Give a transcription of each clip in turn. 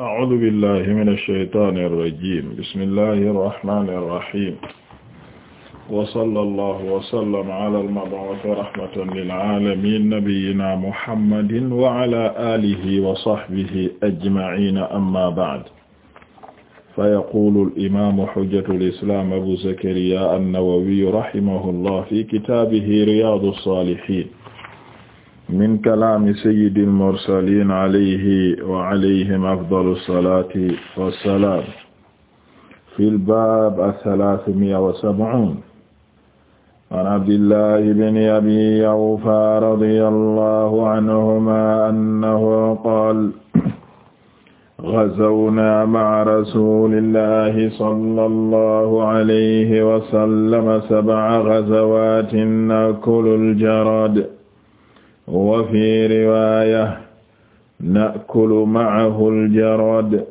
أعوذ بالله من الشيطان الرجيم بسم الله الرحمن الرحيم وصلى الله وسلم على المبعوث رحمة للعالمين نبينا محمد وعلى آله وصحبه أجمعين أما بعد فيقول الإمام حجة الإسلام أبو زكريا النووي رحمه الله في كتابه رياض الصالحين min kalaami sayyidil mursaliin alayhi wa alayhim afdalu salaati wa salaam fil baab as-salaasumi'a wa sab'uun an abdillahi bni abi awfa radiyallahu anhumaa annahu qaala غزونا مع رسول الله صلى الله عليه وسلم سبع غزوات نأكل الجراد wa fi riwaya nakulu maahu aljarad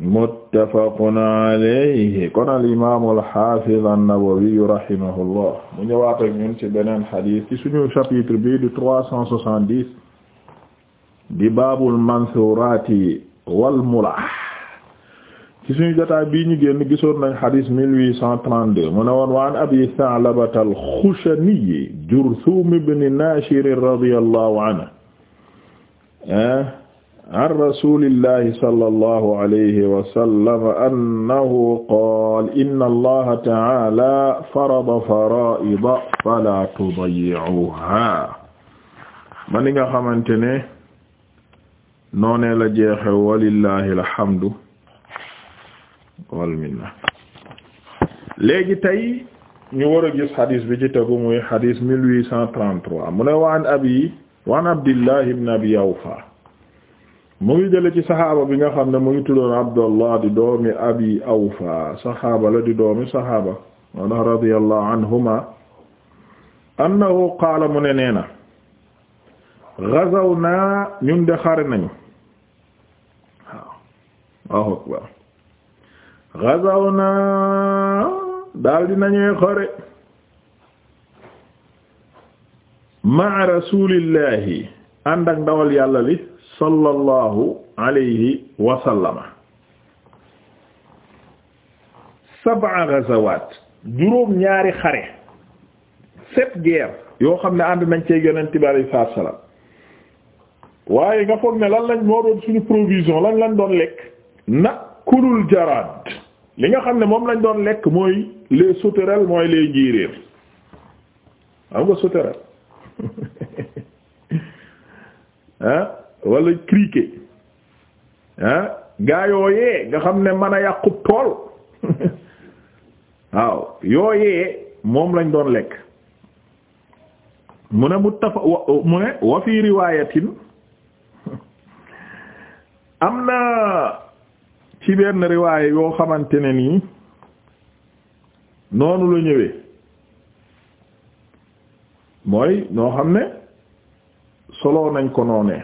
muttafaqun alayhi kon alimamu alhafiz annawawiyu rahimahullah mu ñëwaat ak ñun ci beneen xadis ci suñu chapitre bi du trois cent soixante-dix di baabul mansurati wal mulah ci suñu jotaay bii ñu génn gisoon nañ xadis 1832 mu ne woon waan abi Sa'labata al-Xushani Jurthum ibn Nashir radiyallahu anhu eh, an rasulillahi sallallahu alayhi wa sallam annahu qaala inna allaha ta'ala farada fara'ida fala tudayyi'uha man nga xamante ne noonee la jeexe walillahi alhamdu wal minna léegi tey ñu war gis xadis bi ci tegu muy xadis mu ne waan abi waan abdillah ibn abi awfa mu ngi jële ci saxaaba bi nga xam ne mu ngi tuddoon abdallah di doomi abi awfa saxaaba la di doomi saxaaba wala radiyallahu anhuma annahu qaala mu ne nee na gazaw naa ñun de xare nañu ghazawna daal di nañuy xare ma'a rasulillahi ànd ak ndawal yàlla li sallallahu alayhi wa sallama sab'a ghazawat juróom ñaari xare set guerres yoo xam ne ànd nañ cee yonent bi alayhi salaam waaye nga foog ne lan lañ moo doon suñu provision lan lañ doon lekk na kulul jaraad li nga xam ne moom lañ doon lekk mooy les sauterelles mooy les njiiréer xam nga sauterelle ah wala criquet ah gaa yooyee nga xam ne mën a yàqub tool waaw yooyee moom lañ doon lekk mu ne muttafa mu ne wa fi riwaayatin am na ci benn riwaay yoo xamante ne nii noonu la ñëwee mooy noo xam ne solo nañ ko noonee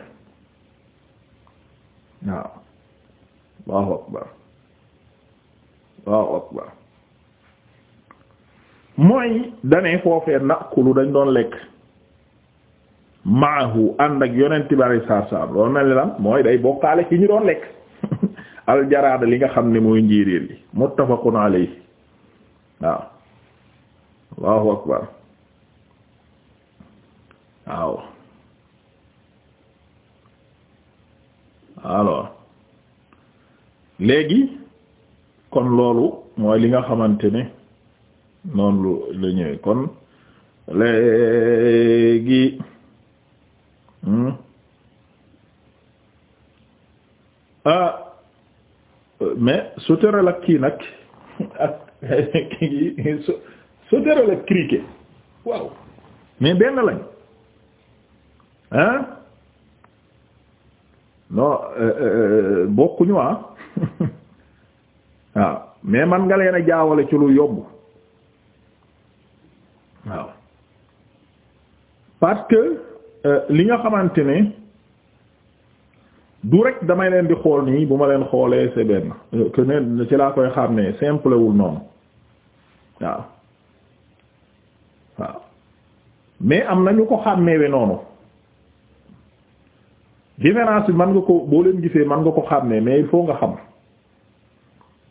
waaw Allahu akbar Allahu akbar mooy danee foofee nakulu dañ doon lekk maahu ànd ak yonent bi sallallahu alayhi wasallam loolu mel ni lan mooy day bokkaale ci ñu doon lekk aljaraada li nga xam ne mooy njéeréer yi muttafaqun alayhi waaw allahu akbar waaw léegi kon loolu mooy li nga xamante ne noonu lu la kon léegi hmm? ah mais sauterelle ak kii nag ak sauterelle ak criquet waaw mais benn lañ hein non euh, euh, euh, bokkuñu ah waaw mais man nga leen a jaawale ci lu yomb waaw parce li nga xamante ne du rek damay leen di xool nii bu ma leen xoolee c'est benn ci laa koy xam ne simple wul noonu waaw waaw mais am na ñu ko xàmmeewe noonu différence bi man nga ko boo leen gisee man nga ko xàmmee mais il faut nga xam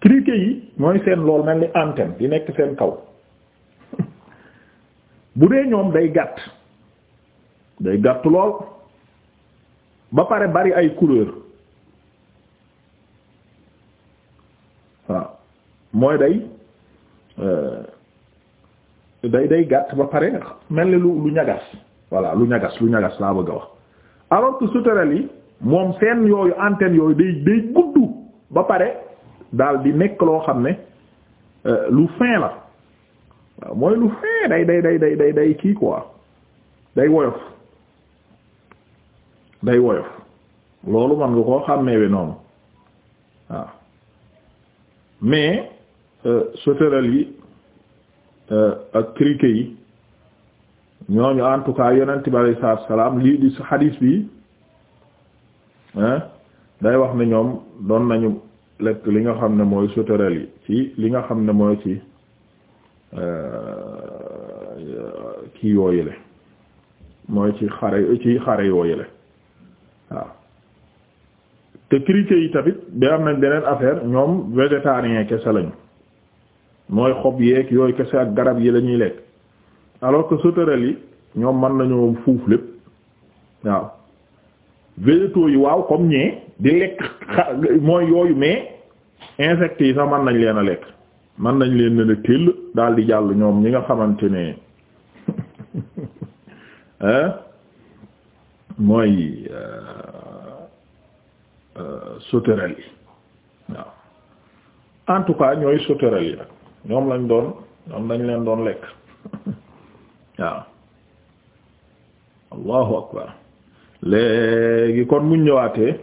criquet yi mooy seen lool mel ni antenne di nekk seen kaw bu dee ñoom day gàtt day gàtt lool ba pare bari ay couleur waaw mooy day euh, day day gàtt ba pare mel ni lu lu ñagas voilà lu ñagas lu ñagas laa bëgg a wax alors que sauterelles yi moom seen yooyu antenne yooyu day day gudd ba pare daal di nekk loo xam ne euh, lu fin la waaw mooy lu fin day day day day day day kii quoi day woyof day woyof loolu man nga koo xàmmeewe noonu waaw mais euh, sauterelles yi euh, ak criquets yi ñooñu en tout cas yonent bi alayhi salaatu salaam lii di hadis bi day wax ne ñoom doon nañu lekk li nga xam ne mooy sauterelles yi ci li nga xam ne mooy ci euh, kii yooyule mooy ci xare ci xare yooyule waaw te criquets yi tamit da am nañ beneen affaire ñoom végétarien kese lañu mooy xob yeeg yooyu kese ak garab yi la ñuy lekk alors que sauterelles yi ñoom mën nañoo fuuf lépp waaw végétaux yi waaw comme ñee di lekk xa mooy yooyu mais insectes yi sax man nañ leen a lekk mën nañ leen ne tëll daal di jàll ñoom ñi nga xamante ne mooy euh, euh, sauterelles yi waaw en tout cas ñooy sauterelles yi nag ñoom lañ doon ñoom lañ leen doon lekk waaw allahu akbar léegi kon muñ ñëwaatee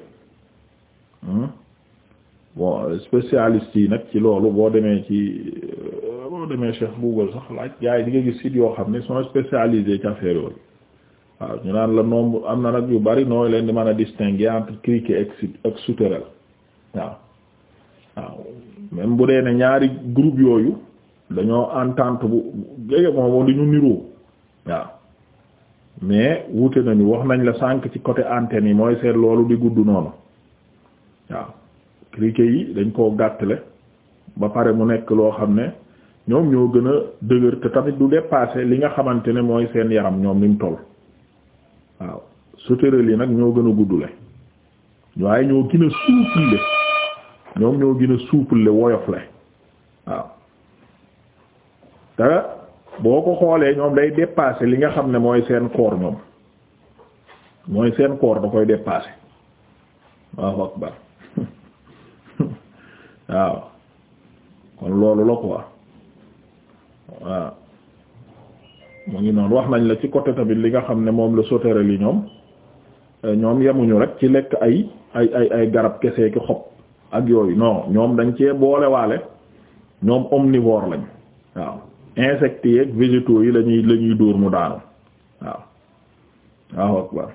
hmm? bon spécialiste yi nag ci loolu boo demee ci euh, boo demee Cheikh Google sax laaj gars yi di nga gis site yoo xam ne sont spécialisés ci affaire yooyu waaw ñu naan la nombre am na nag yu bari nooy leen di mën a distinguer entre criquet ak ak sauterelle waaw waaw même bu dee ne ñaari groupe yooyu dañoo entente bu jege moom ñu niroo waaw mais wute nañu wax nañ la sànq ci côté antenne yi mooy seet loolu di gudd noonu waaw criquet yi dañ koo gàttale ba pare mu nekk loo xam ne ñoom ñoo gën a dëgër te tamit du dépasser li nga xamante ne mooy seen yaram ñoom ni mu toll. waaw sauterelles yi nag ñoo gën a guddule waaye ñoo gën a souple ñoom ñoo gën a souple woyof waaw te boo ko xoolee ñoom day dépasser li nga xam ne mooy seen koor ñoom mooy seen koor da koy dépasser waaw akbar waaw kon loolu la quoi waaw mu ngi noonu wax nañ la ci côté tamit li nga xam ne moom la sauterelle li ñoom eh, ñoom yemuñu rek ci lekk ay ay ay garab kese ki xob ak yooyu non ñoom dañ cee waale ñoom omnivore lañ waaw insectes yeeg végétaux yi lañuy lañuy dóor mu daanu waaw waaw akbar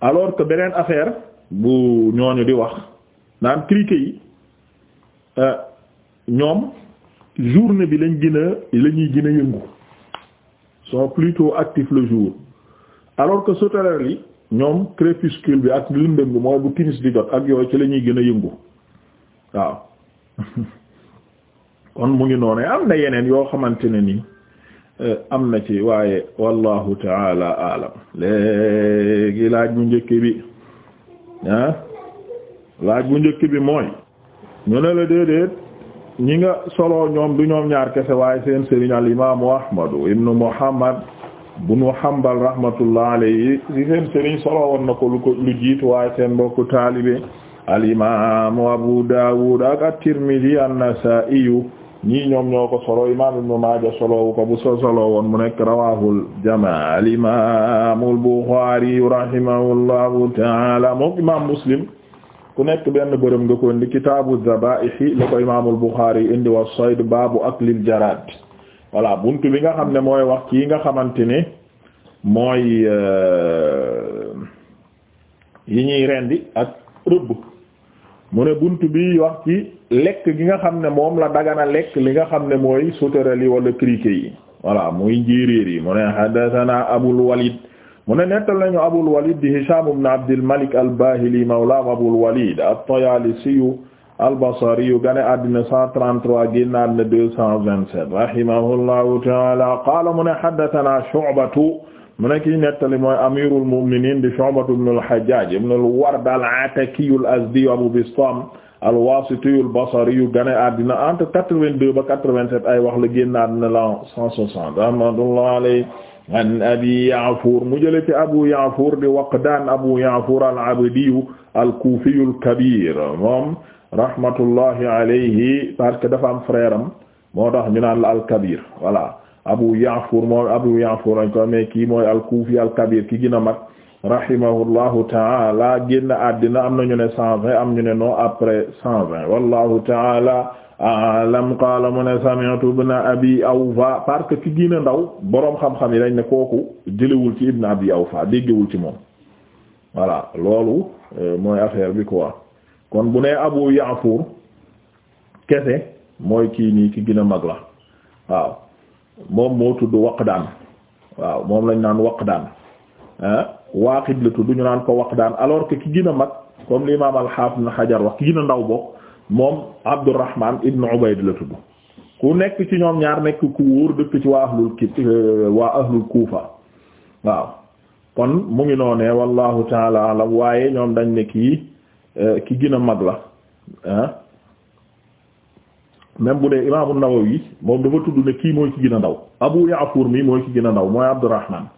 alors que beneen affaire bu ñooñu di wax naan criquet yi eh, ñoom journée bi lañ gën a lañuy gën a yëngu sont plutôt actifs le jour alors que sauterelles yi ñoom crépuscule bi ak lëndëm bi mooy bu timis di jot ak yooyu ci lañuy gën a yëngu waaw kon mu ngi noonu am na yeneen yoo xamante ne nii eh, am na ci waaye wallahu taala alam léegi laaj bu njëkk bi ah laaj bu njëkk bi mooy ñu ne la déedéet ñi nga solo ñoom du ñoom ñaar kese waaye seen sëriñ al imaamu ahmadu ibnu muhammad bunu hambal rahmatullah alayhi si seen sëriñ solo woon ko lu waaye seen taalibe al imaamu abu daawud ak at-tirmidhi an-nasaa'i ñii ñoom ñoo ko solo imaam ibnu maaja solowu ko bu solo woon mu nekk rawahul jamaa al imaamu al buxaari taala moom imaam muslim ku nekk benn bërëm nga ko indi kitaabu zabaihi la ko imaamul Buxaari indi wa sayd baabu aklil jaraad voilà buntu bi nga xam ne mooy wax ci nga xamante ne mooy euh, yi ñuy rendi ak rëbb mu ne buntu bi wax ci lekk gi nga xam ne moom la dagana lekk li nga xam ne mooy sauterelles yi wala criquets yi voilà muy njéeréer yi mu ne haddathana abul walid mu ne nettal nañu Abul Walid di Hisham ibn Abdil Malik al-Bahili mawla Abul Walid at-Tayalisi al-Basri gane àddina 133 génn àddina 227 rahimahullahu ta'ala qaala mu ne haddathana Shu'batu mu ne kii nettali mooy amirul mu'minin di Shu'batu ibn al-Hajjaj ibn al-Ward al-Ataki al-Azdi Abu Bistam al-Wasiti al-Basri gane àddina entre 82 ba 87 ay wax la génn àddina la 160 rahmatullahi alayhi an abi Ya'fur mu jële ci abu Ya'fur di Waqdaan abu Ya'fur al-Abdiyu al-Kufiyu al-Kabir moom rahmatullahi alayhi parce que dafa am frère am moo tax ñu naan la al-Kabir voilà abu Ya'fur moom abu Ya'fur lañ ko mais kii mooy al-Kufi al-Kabir ki gën a mag rahimahullahu taala génn àddina am na ñu ne cent vingt am ñu ne noo après cent vingt wallahu taala alam qaala mu ne sami'tu ibn abi awfa parce que ki gën ndaw boroom xam-xam yi dañ ne kooku jëlewul ci ibn abi awfa déggewul ci moom voilà loolu euh, mooy affaire bi quoi kon bu ne abu ya'fur kese mooy kii nii ki gën mag la waaw moom moo tudd waqdaan waaw moom lañ naan waqdaan ah waaqid la tudd ñu naan ko waqdaan alors que ki gën a mag comme l'imam al-Hafiz Ibn Hajar wax ki gën a ndaw bokk moom Abdurrahman ibn Ubayd la tudd ku nekk ci ñoom ñaar nekk ku wóor dëkk ci waa ahlul ki euh, waa ahlul Kufa waaw kon mu ngi noonee wallahu taala alam waaye ñoom dañ ne kii euh, ki gën a mag la ah même bu dee imaamu moom dafa tudd ne kii mooy ki gën a ndaw Abu Ya'fur mi mooy ki gën a ndaw mooy Abdurrahman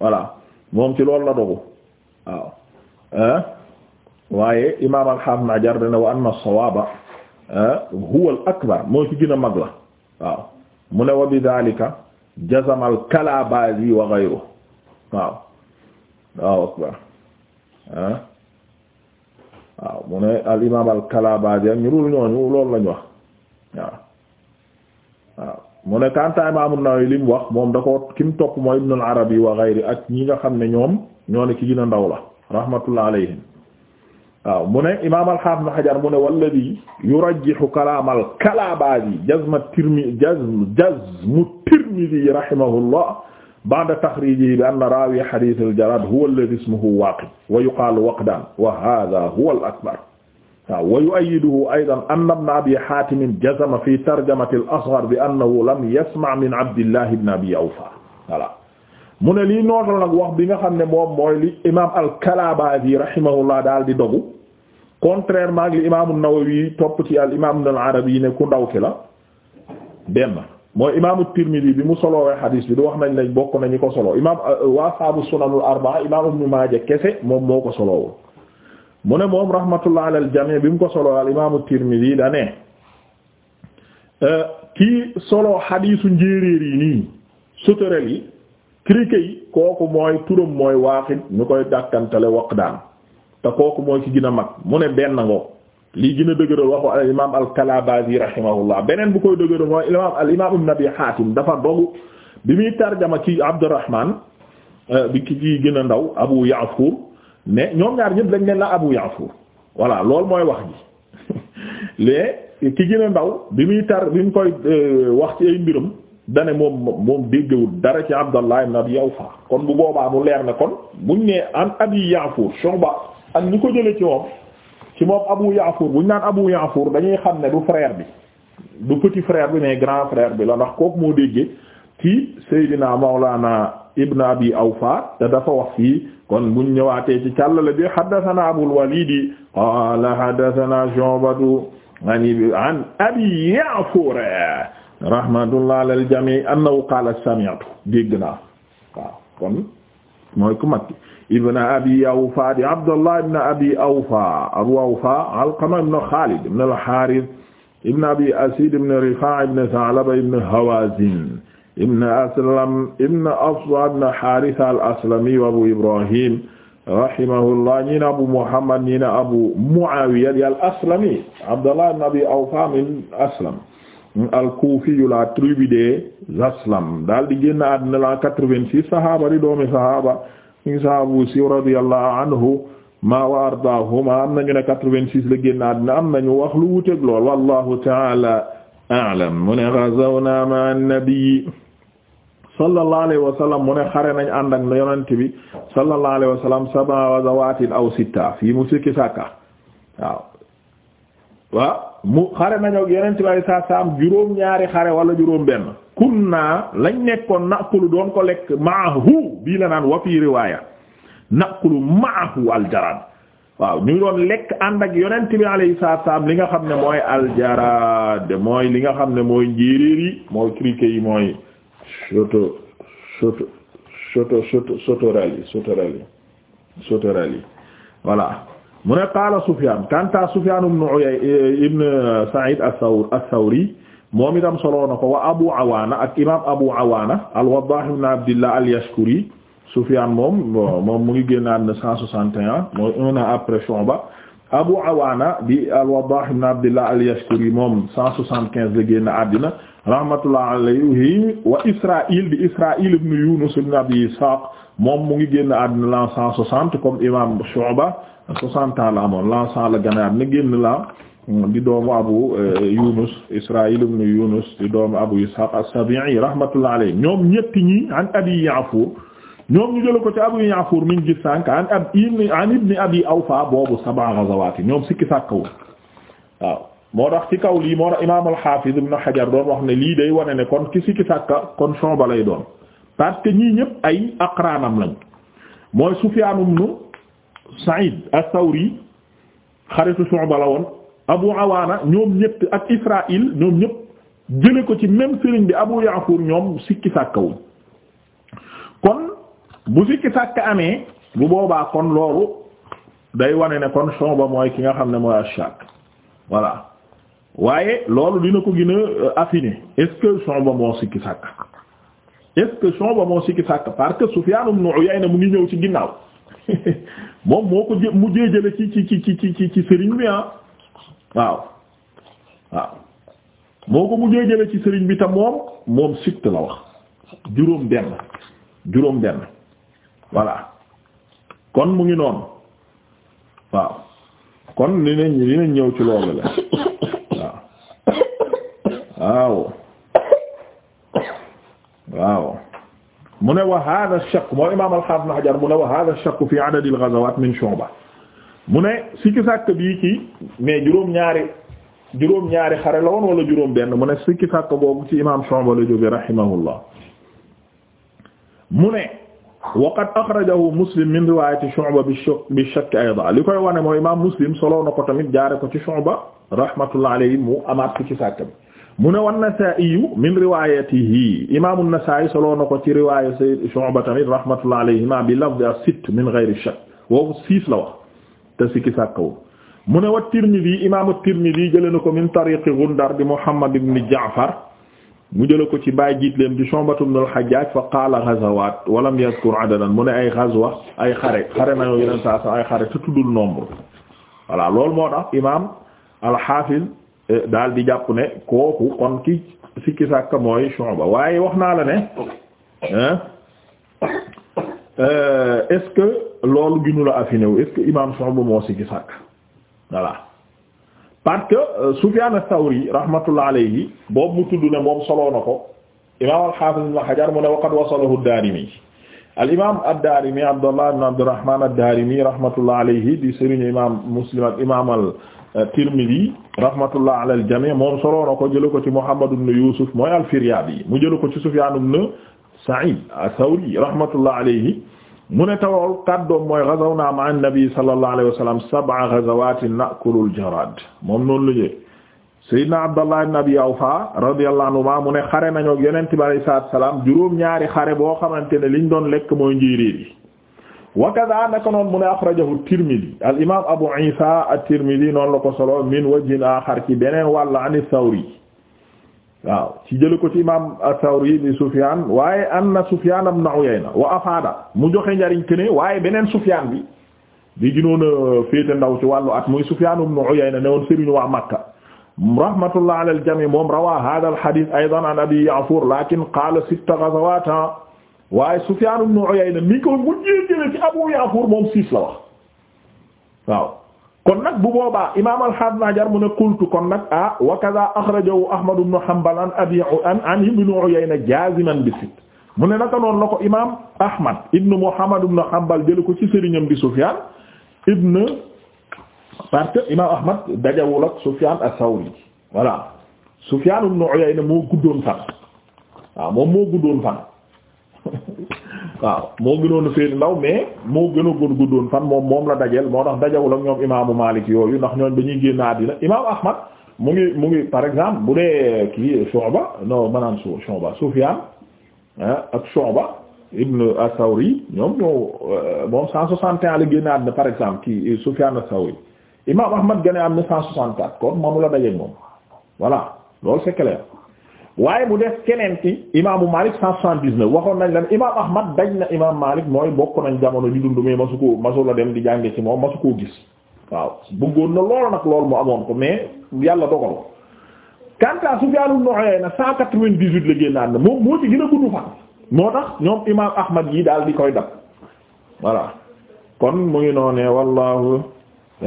voilà moom ci loolu la dogu waaw ah waaye imaam al-Hafiz Ibn Hajar dana wa anna as-sawaaba eh, huwa al-akbar moo ci gën a mag la waaw mu ne wa bi daalika jazama al-Kalabaazi wa ghayruhu waaw waaw akbar ah waaw mu ne al-imaam al-Kalabaazi ak ñu dul ñooñu loolu lañu wax waaw. mu ne Kanta Imam An-Nawawi li mu wax moom da ko ki mu topp mooy Ibn al-Arabi wa ghayri ak ñi nga xam ne ñoom ñoo ne ki gën a ndaw la rahmatullah alayhim waaw mu ne Imam al-Hafiz Ibn Hajar mu ne walladhi yurajjihu kalaam al-Kalabaazi jazm at-Tirmidhi jazm jazm at-Tirmidhi rahimahullah ba'da takhrijihi bi anna raawi hadith al-Jarad huwa alladhi ismuhu Waaqid wa yuqaalu Waqdaan wa haadha huwa al-akbar waaw wa yu'ayyiduhu aydan anna ibn abi hatim jazama fi tarjamati al-asghar bi lam yasma' min abdillah ibn mu ne lii nootal nag bi nga xam ne moom mooy li imam al-Kalabaazi rahimahullah daal di dogu contrairement ak li imam an-Nawawi topp ci al ne ku ndaw ki la benn mooy imam at bi mu solowee xadiis bi du wax nañ lañ bokk nañu euh, saabu sunanul arbaa imam ibn Maaja kese moom moo ko solowul mu ne moom rahmatullah ala al jami' bi mu ko solo al imaamu Tirmidhi da ne euh, kii solo xadiisu njéeréer yi nii sauterelles yi criquet kooku mooy turam mooy waaxit ñu koy dàkkantale waqdaan te kooku mooy ci gën a mag mu ne benn ngoo lii gën a dëgëral waxu al imaam al Kalabaazi rahimahullah beneen bu koy dëgëral mooy imaam al imaam ibn Haatim dafa dogu bi muy tarjama ci Abdurrahman euh, bi ki gën a ndaw Abu Ya'fur mais ñoom ñaar ñëpp dañ leen la Abu Ya'fur voilà loolu mooy wax ji léegi ki gën ndaw bi muy tar bi mu koy euh, wax ci ay mbiram dane moom moom déggewul dara ci Abdallah ibn Abi Awfa kon bu boobaa mu leer na kon buñ nee an Abi Ya'fur Shu'ba ak ñu ko jële ci moom ci moom Abu Ya'fur buñ naan Abu Ya'fur dañuy xam ne du frère bi du petit frère bi mais grand frère bi la ndax kooku moo déggee ci Seydina Mawlana ibn abi awfa te dafa wax fii kon buñ ñëwaatee ci càllale bi haddathana abul walidi qala haddathana shubatu an abi ya'fur rahmatullah alal jami annahu qala sami'tu dégg naa waaw kon mooy ku mag ibn abi awfa di abdullah ibn abi awfa abu awfa alqama ibn khalid ibn al harith ibn abi asid ibn rifa' ibn tha'laba ibn hawazin ibn aslam ibn aswa ibn haritha al aslami wa abu ibrahim rahimahullah ñi ne abu muhammad ñi ne abu muawiya al aslami abdallah ibn abi awfa min aslam al kufi la tribu des aslam daal di génn àddina la 86 sahaaba di doomi sahaaba ñi sahaaba bu siiw radiyallahu anhu ma wa ardaahuma am nañu ne 86 la génn àddina am nañu wax lu wuteeg lool wallahu ta'ala a'lam mu ne ghazawna ma'a an-nabi sallallahu alayhi wa sallam mu ne xare nañ ànd ak yonent bi sallallahu alayhi wa sallam sab'a aw sitta fii mu sikki sàkka waaw waaw mu xare nañu ak yonent bi ay saa saam juróom ñaari xare wala juróom benn kunna lañ nekkoon naqulu doon ko lekk maahu bii la naan wa fii riwaaya naqulu maahu aljarad waaw ñu doon lekk ànd ak yonent bi alayhi salaam li nga xam ne mooy aljarad mooy li nga xam ne mooy njéeréer yi mooy criquet yi mooy soto soto soto soto sotorali sotorali sotorali voilà mu ne qaala Sufyaan kanta Sufyaan ibn Uyayna eh, ibn Sa'iid as-Sawr as-Sawri moom itam soloo ko wa Abu Awaana ak imaam Abu Awaana al-Waddaah ibn Abdillah al-Yashkuri Sufyaan moom moom mu ngi génnaat na cent soixante et un mooy Abu Awaana bi al-Waddaah ibn Abdillah al-Yashkuri moom cent soixante rahmatullah alayhi wa Israa'il di Israa'il ibn Yunus ibn Abi Ishaq moom mu ngi génn àddina l'an cent soixante comme imam Shu'ba soixante ans la la gane àddina génn la di doomu Abu euh, Yunus Israa'il ibn Yunus di doomu Abu Ishaq as-Sabi'i rahmatullah alayhi ñoom ñetti ñi an Abi Ya'fur ñoom ñu jël ko ci Abu Ya'fur min gis sànq an ab an ibn Abi Awfa boobu sab'a ghazawat ñoom sikki sàkkwul waaw moo tax ci kaw lii moo tax imaam al-Hafiz Ibn Hajar doon wax ne lii day wane ne kon ki sikki sàkka kon Shu'ba lay doon parce que ñii ñëpp ay aqranam lañ mooy Sufyaan ibn Sa'id as-Sawri xaritu Shu'ba la woon Abu Awaana ñoom ñett ak Israa'il ñoom ñëpp jële ko ci même sëriñ bi Abu Ya'fur ñoom sikki sàkkawuñ kon bu sikki sàkka amee bu boobaa kon loolu day wane ne kon Shu'ba mooy ki nga xam ne mooy ashak voilà waaye loolu dina ko gën a euh, affiner est-ce que Shu'ba moo sikki sàkk est-ce que Shu'ba moo sikki sàkk parce que Sufyan ibn Uyayna mu ngi ñëw ci ginnaaw moom moo ko jë mu jéejale ci ci ci ci ci ci sëriñ bi ah ko mu jéejale ci sëriñ bi te moom moom sikt la wax juróom benn juróom benn voilà kon mu ngi noonu waaw kon dinañ dinañ ñëw ci loolu la waaw waaw mu ne wa hada ash-shakk moo imam al-hafiz ibn hajar mu ne wa hada ash-shakk fi adad al-ghazawat min shu'ba mu ne sikki sàkk bii ci mais juróom-ñaari juróom-ñaari xare la woon wala juróom benn mu ne sikki sàkk boobu ci imam shu'ba la jóge rahimahullah mu ne wa qad akhrajahu muslim min riwayati shu'ba bi-shakk aydan li koy wane mooy imam muslim solo na ko tamit jaare ko ci shu'ba rahmatullah alayhi mu amaat sikki sàkk bi mu ne wan Nasaa'iyu min riwaayatihi imaamu Nasaa'i soloo na ko ci riwaaya Sayyid Shu'ba tamit rahmatullahi alayhima bi lafdi as-sitt min ghayri shakk woowu siis la wax te sikki sàkkawul mu ne wa Tirmidi imaamu Tirmidi jëlee na ko min tariqi Gundar di Muhammad ibn Ja'far mu jëlee ko ci baay jiitleem di Shu'ba ibn al-Hajjaj fa qaala ghazawaat wa lam yadhkur adadan mu ne ay ghazwa ay xare xare na yeneen saa sa ay xare te tuddul nombre voilà loolu moo tax imaam al-Hafiz daal di jàpp ne kooku kon ki sikki sàkk mooy Shu'ba waaye wax naa la ne euh, est-ce que loolu ginu la affiné wu est-ce que imam Shu'ba moo sikki sàkk voilà parce que euh, Sufyan ath-Thawri rahmatullah alayhi boobu mu tudd ne moom soloo na ko imam al-Hafiz ibn Hajar mu ne waqad wasalahu ad-Darimi al-imam ad-Darimi Abdullah ibn Abdurrahman ad-Darimi rahmatullah alayhi di sëriñu imam Muslim ak imam al Tirmidhi rahmatullah ala al-jami' moom solo na ko jëlee ko ci Muhammad ibn Yusuf mooy al mu jëlee ko ci Sufyan ibn Sa'id as-Sawri rahmatullah alayhi mu ne tawool kaddoom mooy ghazawna ma'a an-nabi sallallahu alayhi wa sallam sab'a ghazawatin na'kulu al-jarad moom noonu la Sayyidina Abdallah ibn Abi Awfa mu ne xare nañu ak Yonent salaam juróom-ñaari xare boo xamante ne liñ doon lekk mooy njéeréer wa kaza naka noonu mu ne axrajahu Tirmidi al imaam Abu Isa at-Tirmidi noonu la ko solo min wajhin axar ci beneen wàll an Sawri waaw ci jëlee ko ci imaam Sawri bi Sufyaan waaye anna Sufyaan ibn Uyayna wa afaada mu joxe njariñ que ne waaye beneen Sufyaan bi bi gënoon a féete ndaw ci wàllu at muy Sufyaan ibn Uyayna ne woon sëriñu waa Makka rahmatullah ala al-jamii' moom rawaa haadha al-hadiis aydan an Abi Ya'fuur laakin qaala sitta ghazawaat waaye Sufyaan ibn Uyayna mi ko mujjee jële ci Abu Ya'fur moom siis la wax waaw kon nag bu boobaa imaam al-Hafiz Hajar mu ne qultu kon nag ah wa kaza akhrajahu Ahmad ibn Hanbal an Abi an ibn Uyayna jaaziman bi sitt mu ne naka la ko imaam Ahmad ibn Muhammad ibn Hanbal jële ko ci sëriñam di Sufyaan ibn parce imaam Ahmad dajawul ak Sufyaan as-Sawri voilà Sufyaan ibn Uyayna moo guddoon fan waaw moom moo guddoon fan waaw moo gënoon a féeri ndaw mais moo gën a gën guddoon fan moom moom la dajeel moo tax dajawul ak ñoom imaamu Maalik yooyu ndax ñooñ ba ñuy génn àddina imaamu Ahmad mu ngi mu ngi par exemple bu dee kii Shu'ba non maanaam soo Shu'ba Sufyaan ah, ak sooba ibn As-Sawri ñoom ñoo euh, moom 161 la génn àddina par exemple kii euh, Sufyaan As-Sawri imaamu Ahmad gane am na 164 kon mënu la dajeeg moom voilà loolu c'est clair. waaye mu def keneen ci imaamu Malik cent soixante dix waxoon nañ la imaam Ahmad dañ na imaam Malik mooy bokk nañ jamono di dund mais masu koo masu la dem di jànge ci moom masu koo gis waaw bëggoon na lool nag lool mu amoon ko mais yàlla dogal ko kanta Sufyaan ibn Uyayna cent quatre-vingt-dix-huit la génn àddina moom moo ci gën a gudd fan moo tax ñoom imaam Ahmad yi daal di koy dab voilà kon mu ngi noonee wallahu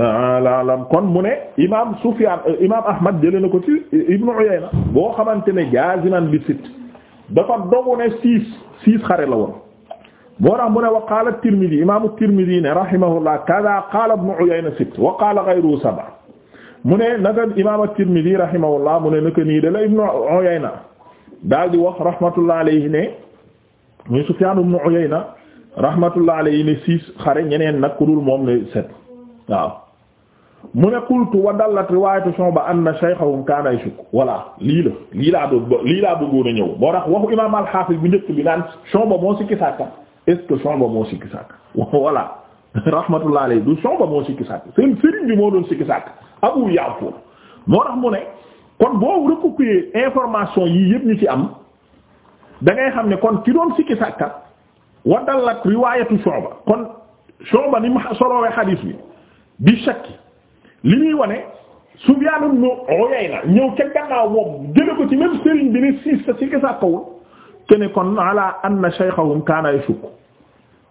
alam kon mu ne imam Sufyan euh, imam Ahmad jëlee na ko ci euh, Ibnu Uyayna boo xamante ne jaziman bi sit dafa dogu ne six six xare la woon boo tax mu ne wa qaala Tirmidhi imam Tirmidhi ne rahimahullah kada qaala Ibnu Uyayna sit wa qaala sab'a mu ne naka imam Tirmidhi rahimahullah mu ne naka nii da la Ibnu Uyayna daal di wax rahmatullah alayhi ne muy Sufyan Ibnu Uyayna rahmatullah alayhi nag ku dul moom ne sept waaw mu ne qultu wa dallat riwaayatu Shu'ba anna shaykhahum kaana yashuk voilà lii la lii laa bëgg lii laa bëggoon a ñëw moo tax waxu imaam al-Hafiz bu njëkk bi naan Shu'ba moo sikki sàkka est-ce que Shu'ba moo sikki sàkka voilà rahmatullahi alayhi du Shu'ba moo sikki sàkka seen sëriñ bi moo moo tax ne kon boo information yii yëpp ñu ci am da xam ne kon ki doon sikki sàkka wa dallat ni mu xadiis bi bi shakki li ñuy wane Sufyaan ibn Uyayna ñëw ca gannaaw moom jële ko ci même sëriñ bi ni siis sa si gisàkkawul kene kon ala anna shaykhahum kaana yashuk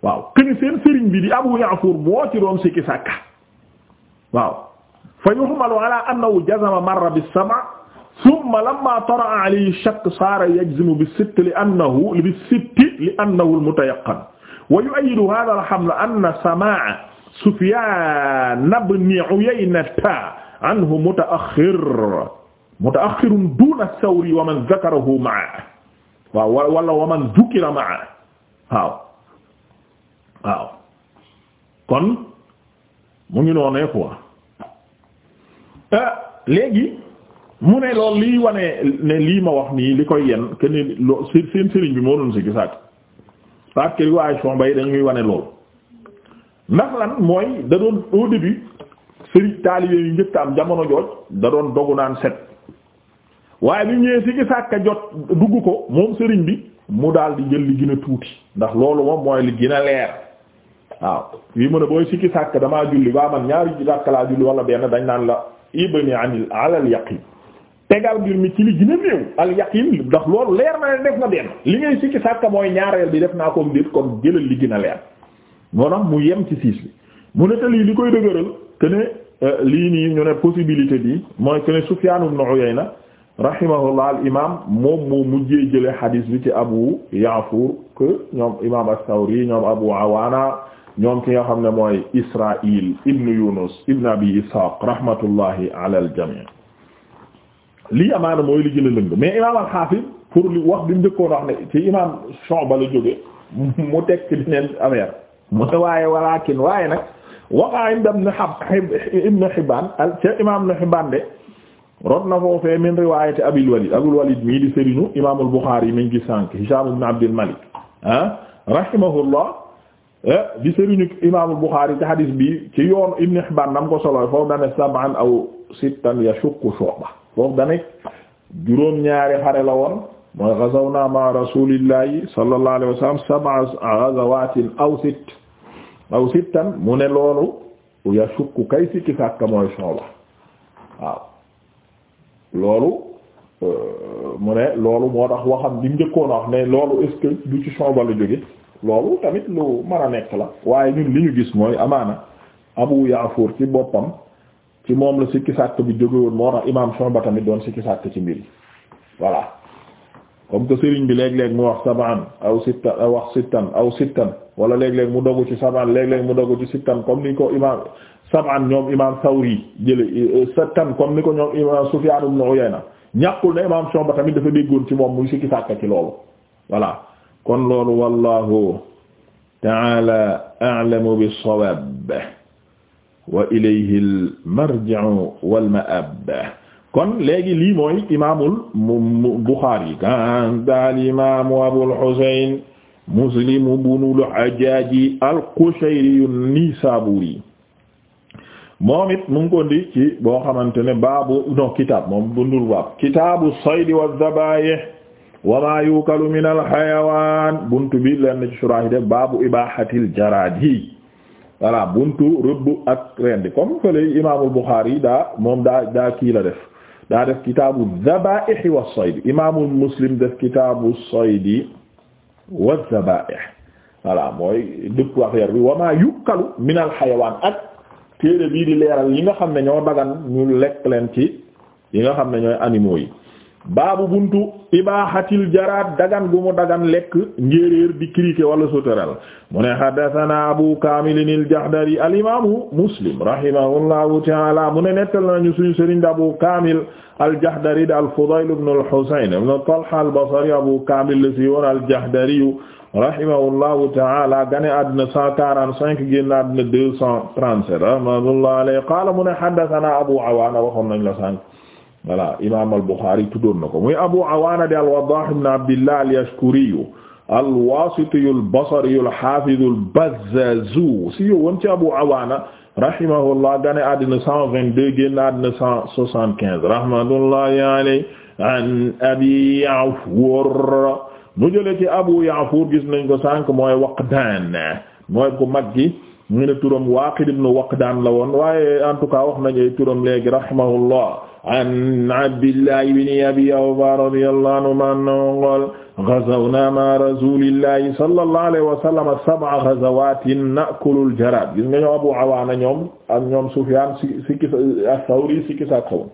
waaw kene seen sëriñ bi di Abu Ya'fur moo ci doon si gisàkka waaw fa yuhmalu ala annahu jazama marra bis-sab'a thumma lamma tara'a alayhi shakk saara yajzimu bis-sitt li annahu bis-sitt li annahu al-mutayaqqan wa yu'ayyidu hadha al-haml anna samaa'a Sufyaan ibn Uyaynata anhu mutaaxir mutaaxirun duuna Sawri wa man zakarahu ma'a waaw wala wa man zukira ma'a waaw waaw kon mu ngi noonee quoi euh, léegi mu ne loolu lii wane ne lii ma wax nii li koy yen que ne seen sëriñ bi moo doon si gisaat parce que waaye bay dañuy wane loolu. ndax lan mooy da doon au début sëriñ taalibe yu njëkk am jamono jooj da doon dogu naan set waaye bi ñëwee si ki jot dugg ko moom sëriñ bi mu daal di jël li gën a tuuti ndax loolu moom mooy li gën a leer waaw yi mën a booy sikki sàkk damaa julli waa man ñaari ji sàkk laa julli wala benn dañ naan la ibni anil alal yaqin tegal mbir mi ci li gën a néew al ndax loolu leer na ne def na benn li ngay sikki sàkk mooy ñaareel bi def naa ko mbir kon li gën a leer moo tax mu yem ci siis bi mu ne te li koy dëgëral que ne euh, lii nii ñu ne possibilité bi mooy que ne Sufyaan ibn Uyayna rahimahullah al imam moom moo mujjee jële hadis bi ci Abu Ya'fur que ñoom imam as-Sawri ñoom Abu Awaana ñoom ki nga xam ne mooy Israil ibn Yunus ibn Abi Ishaq rahmatullahi ala al lii amaana mooy li gën lëng mais imam al-Hafiz pour li wax bi mu njëkkoon wax ne ci imam Shu'ba la jóge mu teg ci beneen affaire mu ne waaye walaakin waaye nag waqa inda Hibbaan al imaam ibn Hibbaan de rot na min riwaayati Abil Waliid Abul Waliid di sëriñu imaamul Buxaari yi mi ngi sànk Hishaam ibn Abdul Malik ah rahimahullah di sëriñu imaamul Buxaari ci hadis ibn Hibbaan nam ko solo foofu dane aw sittan yashukku shu'ba foofu dane ñaari xare la woon mooy aw sitt aw sittan mu ne loolu ya sukk kay sikki sàkka mooy soxla waaw loolu euh, mu ne loolu moo tax waxam bi njëkkoon a wax ne loolu est-ce que du ci soxla la jóge loolu tamit lu mën a nekk la waaye ñun li ñu gis mooy amaana Abu Yaafuur ci boppam ci moom la sikki sàkk bi jóge woon moo tax imaam Shu'ba tamit doon sikki sàkk ci mbir yi voilà comme que sëriñ bi léeg-léeg mu wax sab'an aw wax sittan aw sittan wala léeg-léeg mu dogu ci sabaan léeg-léeg mu dogu ci sittan ko imam sabaan ñoom imam Sawri jële euh, sittan comme ni ko ñoom imam Sufyan ibn Uyayna ñàkkul ne imam Shu'ba tamit dafa déggoon ci moom si sikki sàkka ci loolu voilà kon loolu wallahu ta'ala a'lamu bis-sawab wa ilayhi al-marji'u léegi lii mooy imaamul Bukhari kan daal imaamu Abul Husayn Muslim ibnul Hajjaaji al-Qushayri an-Nisaabuuri moom it mu ngi ko ndi ci boo xamante ne baabu no kitaab moom bundul baab kitaabu saydi wa dabaayih wa maa yukalu min al-xayawaan buntu bi lenn ci surah def baabu ibaahatil jaraadi voilà buntu rëbb ak rendi comme fële imaamul Buxaari daa moom daa daa kii la def daa def kitaabu dabaa'ihi wa saydi imaamul Muslim def kitaabu saydi wa zabaih voilà mooy dëpp affaire bi wama yukkalu minal xayawaan ak téere bii di leeral yi nga xam ne ñoo dagan ñu lekk leen ci yi nga xam ne ñooy animaux yi baabu buntu ibaahatil jaraad dagan gu mu dagan lekk njéeréer di criquet wala sauterelle mu ne haddathana abu kaamilin al-jahdari al-imaamu muslim rahimahullahu ta'ala mu ne nettal nañu suñu sëriñ di abu kaamil al-jahdari di al-fudayl ibn al-husayn ibn talha al-basri abu kaamil la si woon al-jahdari rahimahullahu ta'ala gane àddina 145 génn àddina 237 rahimahullahu alayhi qaala mu ne haddathana abu awaana waxoon nañ la sànq voilà imam al-Bukhari tuddoon na ko muy Abu Awaana di al-Waddah ibn Abdillah al-Yashkuri al-Wasiti al-Basri al-Hafiz al-Bazzaz si yow woon ci Abu Awaana rahimahullah gane àddina 122 génn àddina 175 rahmatullahi alayhi an Abi Ya'fur mu jële ci Abu Ya'fur gis nañ ko sànq mooy Waqdaan mooy ku mag gi mu ngi ne turam Waaqid ibn Waqdaan la woon waaye en tout cas wax nañ ay turam léegi rahimahullah an Abdillah ibn Abi Awfa radiyallahu anhu annahu qaala ghazawnaa ma'a rasuulillahi sallallahu alayhi wa sallam sab'a ghazawaatin na'kulul jaraad gis nga ñoom Abu Awaana ñoom ak ñoom Sufyaan si sikki as-Sawri sikki sa kaw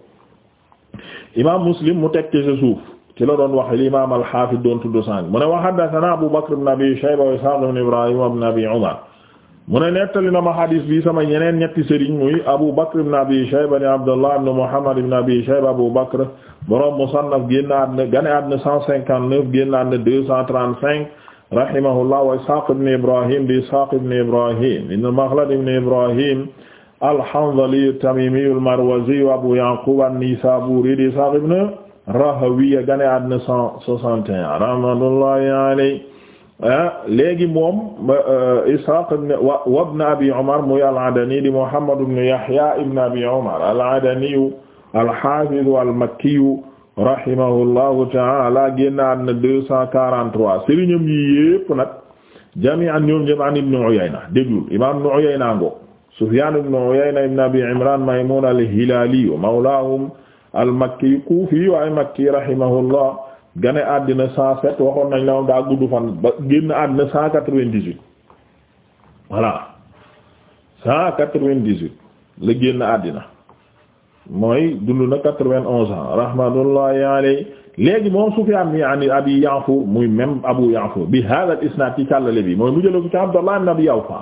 imaam Muslim mu teg ci sa suuf ci la doon wax li imaam al-Haafiz doon tudd sànq mu ne wa haddathanaa Abu Bakr ibn Abi Shayba wa Ishaaq ibn Ibraahiim ibn Abi Umar mu ne nettali na ma xadis bi sama ñeneen ñetti sëriñ muy Abu Bakr ibn Abi Shayba ni Abdullah ibn Muhammad ibn Abi Shayba Abu Bakr borom musannaf génn àddina gane àddina cent cinquante neuf génn àddina deux cent trente cinq rahimahullah wa Ishaq ibn Ibrahim di Ishaq ibn Ibrahim ibn Makhlad ibn Ibrahim al-Hanzali at-Tamimi al-Marwazi Abu Yaqub an-Nisaburi di Ishaq ibn Rahawiya gane àddina cent soixante et un rahmatullahi alayhi Ah, léegi moom euh, Ishaq wa ibn Abi Umar muy al-Adani di Muhammad ibn Yahya ibn Abi Umar al-Adani al-Hafiz al-Makki rahimahullahu ta'ala génn na deux cent quarante-trois sëriñam yi yépp nag jami'an ñoom ñépp an Ibn Uyayna déglul imam Ibn Uyayna ngo Sufyan ibn Uyayna ibn Abi Imran Maymun al-Hilali mawlahum al-Makki kufi wa ay Makki rahimahullah gane àddina cent sept waxoon nañ la moom daa gudd fan ba génn àddina cent quatre-vingt-dix-huit voilà cent quatre-vingt-dix-huit la génn àddina mooy dund na quatre-vingt-onze ans rahmatullahi alayhi léegi moom Sufyaan bi ani abi Ya'fur muy même Abu Ya'fur bi hada al isnad ci càllale bi mooy mu jële ko ci Abdullah ibn Abi Awfa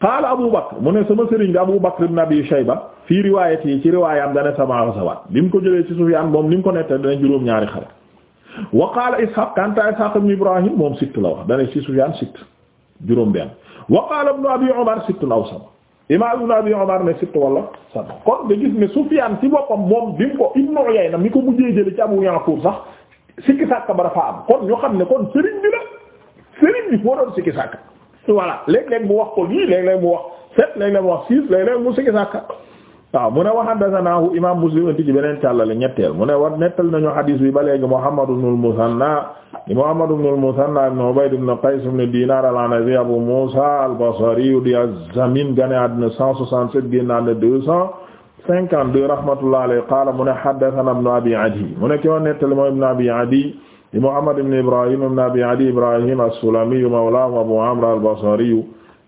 qaala Abu Bakr mu ne sama sëriñ bi Abu Bakr ibn Abi Shayba fii riwaayati ci riwaayam dana sama xasawaat bi jëlee ci Sufyaan moom ni mu ko nette dana ñaari wa qaala Ishaq kanta Ishaq ibn Ibrahim moom sitt la wax dane ci Sufyaan sitt juróom benn wa qaala ibn Abi Umar sitt law sama imaam ibn Abi Umar ne sitt wala sama kon da gis ne Sufyaan ci boppam moom bi mu ko Ibn Uyayna mi ko mujjee jële ci Abu Ya'qub sax sikki sàkk ba dafa am kon ñu xam ne kon sëriñ bi la sëriñ bi moo doon sikki sàkk voilà léeg-léeg mu wax ko lii léeg-léeg mu wax sept léeg-léeg mu wax six léeg-léeg mu sikki sàkk waaw mu ne wa haddasanaahu imaam Muslim indi ci beneen càllale ñetteel mu ne wa nettali nañu hadis bi ba léegi Muhammad ibn al-Musanna Muhammad ibn al-Musanna ibn Ubayd ibn Qays ibn Dinar al-Anazi Abu Musa al-Basri di az-Zamin gane àddina 167 génn àddina 252 rahmatullahi alayhi qaala mu ne haddasanaa ibn Abi Adi mu ne ki ma nettali mooy ibn Abi Adi di Muhammad ibn Ibrahim ibn Abi Adi Ibrahim as-Sulami mawlaahu Abu Amr al-Basri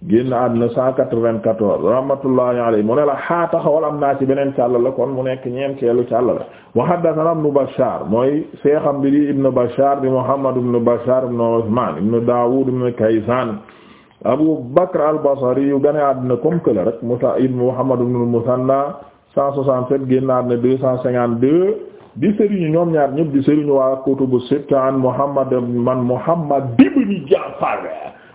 génn àdduna 194 rahmatullahi alayhi mu ne la xaa taxawal am naa ci beneen càllale kon mu nekk ñeenteelu càllale wa haddathana ibnu Bashar mooy seexam bi di ibnu Bashar di Muhammad ibnu Bashar ibnu Usman ibnu Dawud ibnu Kaysan Abu Bakr al-Basri yu gane àdduna comme que la rek Musa ibnu Muhammad ibnu Musanna 167 génn àdduna 252 di sëriñu ñoom ñaar ñëpp di sëriñu waa kutubu sitta an Muhammad man Muhammad ibnu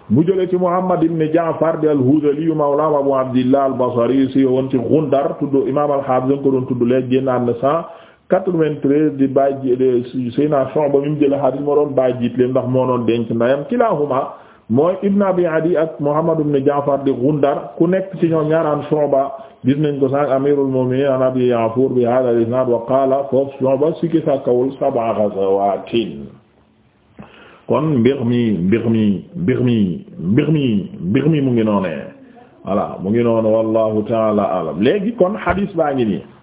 mu jëlee ci Muhammad ibn Ja'far di al-Hudhali mawla Abu Abdillah al-Basri si woon ci Ghundar tudd imam al-Hafiz nga ko doon tudd le génnaat na cent quatre-vingt-treize di si Seyna Shu'ba mi mu jëlee hadith moo doon bàyyi jiitleem ndax moo doon denc ndayam kilahuma mooy Ibn Abi Adi ak Muhammad ibn Ja'far di Ghundar ku nekk ci ñoom ñaaraan Shu'ba gis nañ ko sànq Amirul Mu'minin an Abi Ya'fur bi hadha al-isnad wa qala foofu Shu'ba sikki sa kawul sab'a ghazawaatin kon mbir mi mbir mi mbir mi mbir mi mbir mi mu ngi noonee voilà mu ngi noonu wallahu taala alam léegi kon hadis baa ngi nii